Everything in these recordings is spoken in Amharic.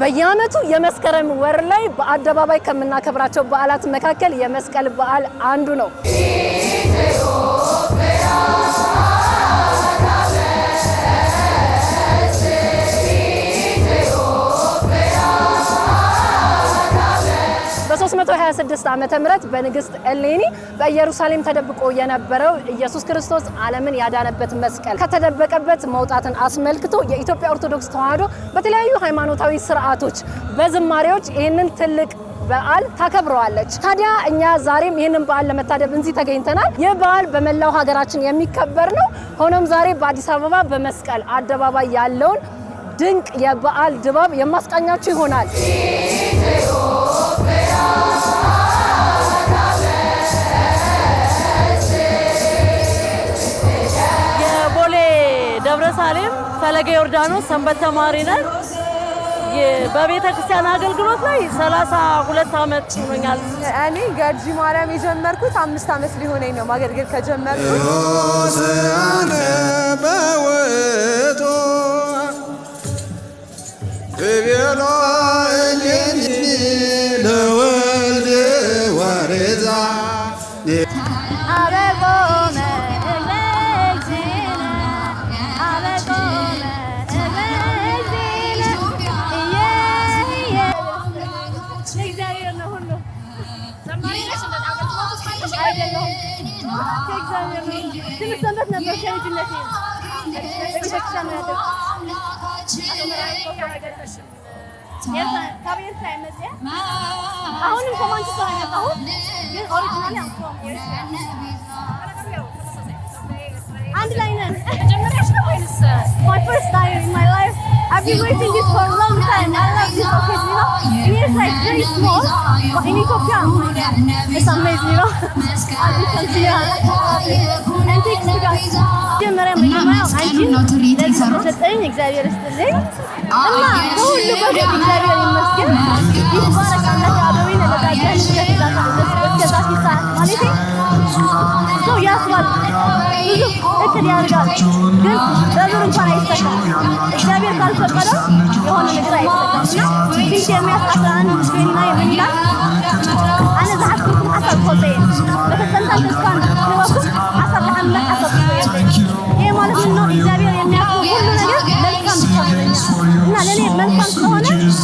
በየአመቱ የመስከረም ወር ላይ በአደባባይ ከምናከብራቸው በዓላት መካከል የመስቀል በዓል አንዱ ነው። በ ዓመተ ምህረት በንግስት ኤሌኒ በኢየሩሳሌም ተደብቆ የነበረው ኢየሱስ ክርስቶስ ዓለምን ያዳነበት መስቀል ከተደበቀበት መውጣትን አስመልክቶ የኢትዮጵያ ኦርቶዶክስ ተዋህዶ በተለያዩ ሃይማኖታዊ ስርዓቶች በዝማሬዎች ይህንን ትልቅ በዓል ታከብረዋለች። ታዲያ እኛ ዛሬም ይህንን በዓል ለመታደብ እዚህ ተገኝተናል። ይህ በዓል በመላው ሀገራችን የሚከበር ነው። ሆኖም ዛሬ በአዲስ አበባ በመስቀል አደባባይ ያለውን ድንቅ የበዓል ድባብ የማስቃኛችሁ ይሆናል። ሳሌም ፈለገ ዮርዳኖስ ሰንበት ተማሪ ነን። በቤተ ክርስቲያን አገልግሎት ላይ 32 ዓመት ሆኖኛል። እኔ ገርጂ ማርያም የጀመርኩት አምስት ዓመት ሊሆነኝ ነው ማገልገል ከጀመርኩት። ሆሳዕና አሁንም ኮማንድ ስለሆነ አሁን ግን ኦሪጂናል አንድ ላይ ነን። My first time in my life. I've been waiting it for a long time. I love this occasion, you know. Here very small, but in Ethiopia, oh it's amazing, you know. ነው ትርኢት ሰው ያስባል፣ ብዙ እቅድ ይሄ ማለት ነው እግዚአብሔር የሚያውቀው ሁሉ ነገር መልካም እና ለኔ መልካም ስለሆነ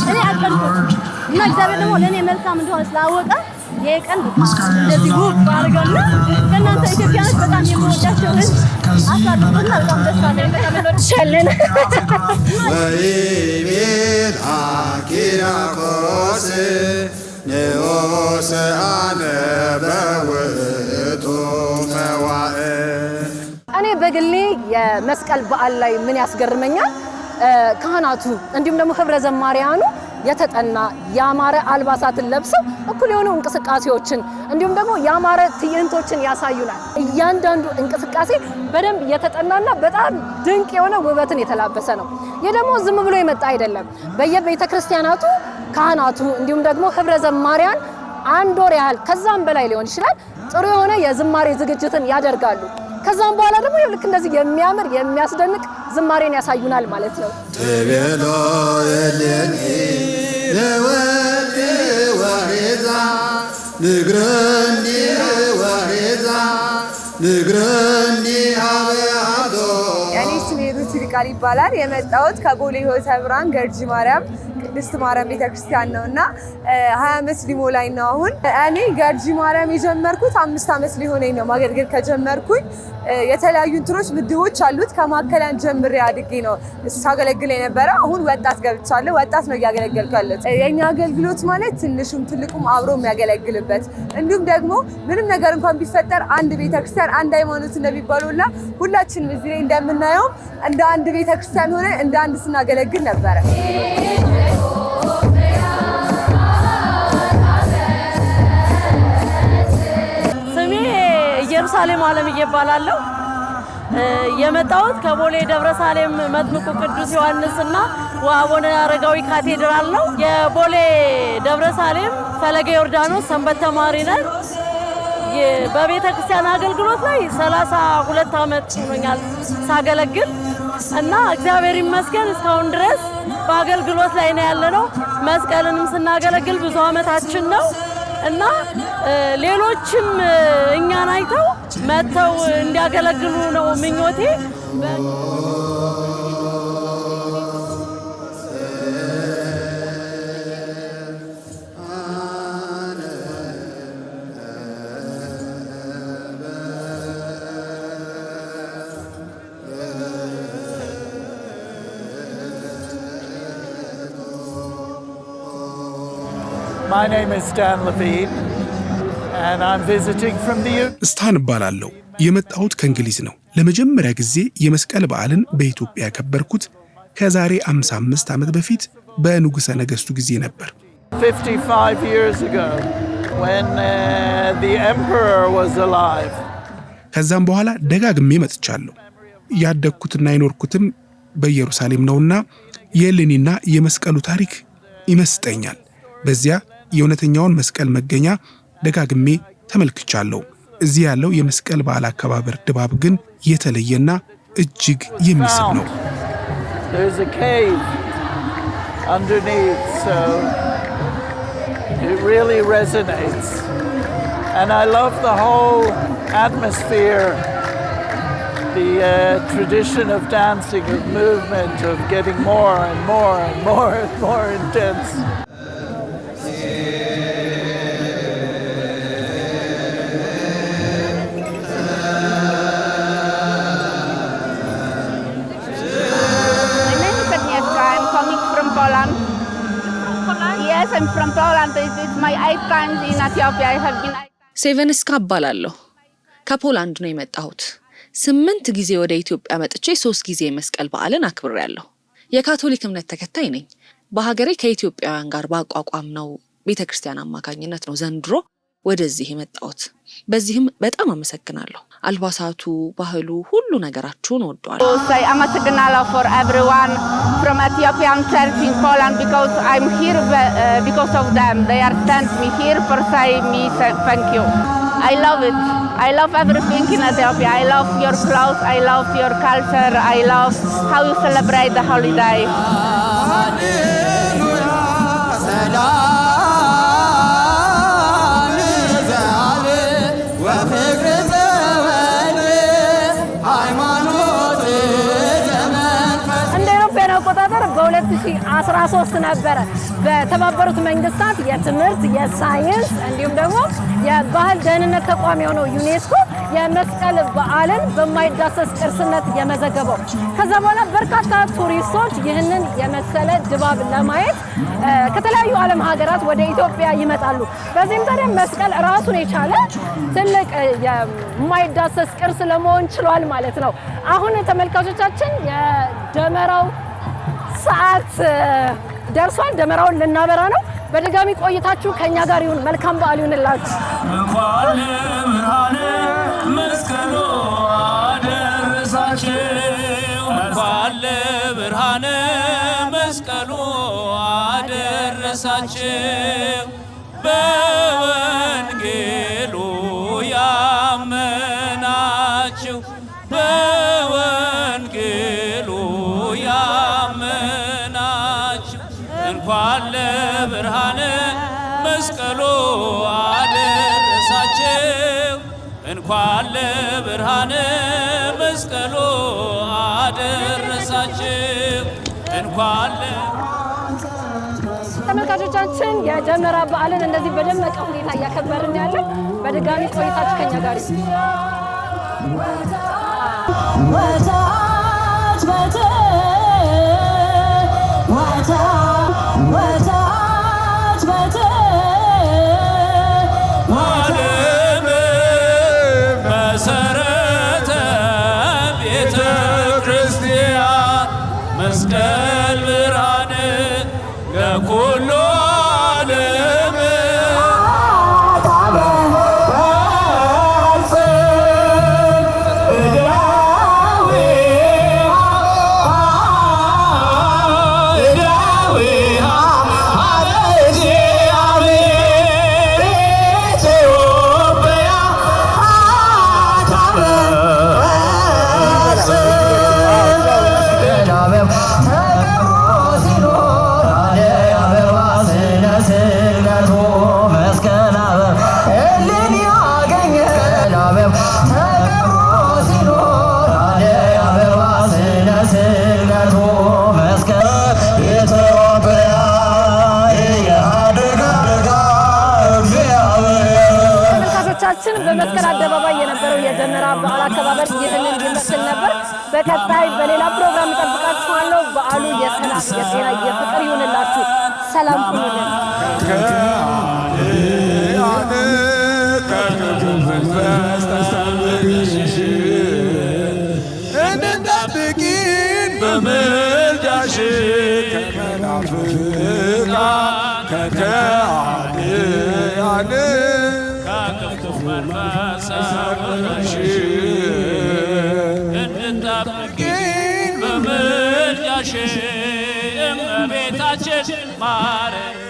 እኔ አቀድኩት እና እግዚአብሔር ደግሞ ለኔ መልካም እንደሆነ ስላወቀ ይሄ ቀን እንደዚህ ጉብ ባደርገውና ከእናንተ ኢትዮጵያኖች በጣም የምወዳቸው አሳድጉና በጣም ደስ ባለኝ በጣም እንወድሻለን። ወይቤልአኪራቆስ ንዑስ የመስቀል በዓል ላይ ምን ያስገርመኛል፣ ካህናቱ እንዲሁም ደግሞ ህብረ ዘማሪያኑ የተጠና ያማረ አልባሳትን ለብሰው እኩል የሆኑ እንቅስቃሴዎችን እንዲሁም ደግሞ ያማረ ትዕይንቶችን ያሳዩናል። እያንዳንዱ እንቅስቃሴ በደንብ የተጠናና በጣም ድንቅ የሆነ ውበትን የተላበሰ ነው። ይህ ደግሞ ዝም ብሎ የመጣ አይደለም። በየቤተ ክርስቲያናቱ ካህናቱ እንዲሁም ደግሞ ህብረ ዘማሪያን አንድ ወር ያህል ከዛም በላይ ሊሆን ይችላል ጥሩ የሆነ የዝማሬ ዝግጅትን ያደርጋሉ። ከዛም በኋላ ደግሞ ልክ እንደዚህ የሚያምር የሚያስደንቅ ዝማሬን ያሳዩናል ማለት ነው። እኔ ስሜ ሩት ይልቃል ይባላል። የመጣሁት ከቦሌ ሆተ ብርሃን ገርጂ ማርያም ቅድስት ማርያም ቤተክርስቲያን ነው እና ሀያ አመት ሊሞላኝ ነው አሁን። እኔ ገርጂ ማርያም የጀመርኩት አምስት አመት ሊሆነኝ ነው ማገልገል ከጀመርኩኝ። የተለያዩ እንትኖች ምድቦች አሉት። ከማከላን ጀምሬ አድጌ ነው ሳገለግል የነበረ። አሁን ወጣት ገብቻለሁ። ወጣት ነው እያገለገልኩ ያለሁት። የእኛ አገልግሎት ማለት ትንሹም ትልቁም አብሮ የሚያገለግልበት እንዲሁም ደግሞ ምንም ነገር እንኳን ቢፈጠር አንድ ቤተክርስቲያን አንድ ሃይማኖት እንደሚባለው ሁላችንም እዚህ ላይ እንደምናየው እንደ አንድ ቤተክርስቲያን ሆነ እንደ አንድ ስናገለግል ነበረ። ስሜ ኢየሩሳሌም አለምዬ እየባላለሁ። የመጣሁት ከቦሌ ደብረ ሳሌም መጥምቁ ቅዱስ እና አቡነ አረጋዊ ካቴድራል ነው። የቦሌ ደብረ ሳሌም ፈለገ ዮርዳኖስ ሰንበት ተማሪ ነን። በቤተ ክርስቲያን አገልግሎት ላይ ሰላሳ ሁለት ዓመት ሆኖኛል ሳገለግል እና እግዚአብሔር ይመስገን እስካሁን ድረስ በአገልግሎት ላይ ነው ያለነው። መስቀልንም ስናገለግል ብዙ አመታችን ነው እና ሌሎችም እኛን አይተው መጥተው እንዲያገለግሉ ነው ምኞቴ። ስታን እባላለሁ። የመጣሁት ከእንግሊዝ ነው። ለመጀመሪያ ጊዜ የመስቀል በዓልን በኢትዮጵያ ያከበርኩት ከዛሬ 55 ዓመት በፊት በንጉሠ ነገሥቱ ጊዜ ነበር። uh, ከዛም በኋላ ደጋግሜ መጥቻለሁ። ያደግኩትና የኖርኩትም በኢየሩሳሌም ነውና የእሌኒና የመስቀሉ ታሪክ ይመስጠኛል። በዚያ የእውነተኛውን መስቀል መገኛ ደጋግሜ ተመልክቻለሁ። እዚህ ያለው የመስቀል በዓል አከባበር ድባብ ግን የተለየና እጅግ የሚስብ ነው። ሴቨንስካ እባላለሁ። ከፖላንድ ነው የመጣሁት። ስምንት ጊዜ ወደ ኢትዮጵያ መጥቼ ሶስት ጊዜ የመስቀል በዓልን አክብሬያለሁ። የካቶሊክ እምነት ተከታይ ነኝ። በሀገሬ ከኢትዮጵያውያን ጋር ባቋቋም ነው ቤተ ክርስቲያን አማካኝነት ነው ዘንድሮ ወደዚህ የመጣሁት። በዚህም በጣም አመሰግናለሁ። አልባሳቱ፣ ባህሉ፣ ሁሉ ነገራችሁን ወደዋለሁ። አመሰግናለሁ ፎር ኤቭሪዋን ፍሮም ኢትዮጵያን ቸርች ኢን ፖላንድ ቢኮዝ አይም ሂር ቢኮዝ ኦፍ ዘም ዜይ አር ሰንት ሚ ሂር ፎር ሳይ ሚ ታንክ ዩ አይ ላቭ ኢት I love everything in Ethiopia. I love your clothes. I love your culture. I love how you celebrate the holiday. አቆጣጠር በ2013 ነበረ በተባበሩት መንግስታት የትምህርት የሳይንስ እንዲሁም ደግሞ የባህል ደህንነት ተቋም የሆነው ዩኔስኮ የመስቀል በዓልን በማይዳሰስ ቅርስነት የመዘገበው። ከዛ በኋላ በርካታ ቱሪስቶች ይህንን የመሰለ ድባብ ለማየት ከተለያዩ ዓለም ሀገራት ወደ ኢትዮጵያ ይመጣሉ። በዚህም ታዲያ መስቀል ራሱን የቻለ ትልቅ የማይዳሰስ ቅርስ ለመሆን ችሏል ማለት ነው። አሁን ተመልካቾቻችን የደመራው ሰዓት ደርሷል። ደመራውን ልናበራ ነው። በድጋሚ ቆይታችሁ ከእኛ ጋር ይሁን። መልካም በዓል ይሁንላችሁ። አደረሳችሁ እንኳን ለብርሃነ መስቀሉ አደረሳችሁ። በወንጌሉ ያመናችሁ በወንጌሉ ያመናችሁ እንኳን ለብርሃነ መስቀሉ አደረሳችሁ እንኳን ለብርሃነ መስቀሎ አደረሳችሁ እንኳን ተመልካቾቻችን የደመራ በዓልን እንደዚህ በደመቀ ሁኔታ እያከበርን ያለን፣ በድጋሚ ቆይታችሁ ከኛ ጋር ይሁን። በመስቀል አደባባይ የነበረው የደመራ በዓል አከባበር ይህንን ይመስል ነበር። በቀጣይ በሌላ ፕሮግራም እጠብቃችኋለሁ። በዓሉ የሰላም የጤና የፍቅር ይሁንላችሁ። ሰላም እንጠብቂን በምልጃሽ መንፈሳሽ እንድታብቂን በምልጃሽ እመቤታችን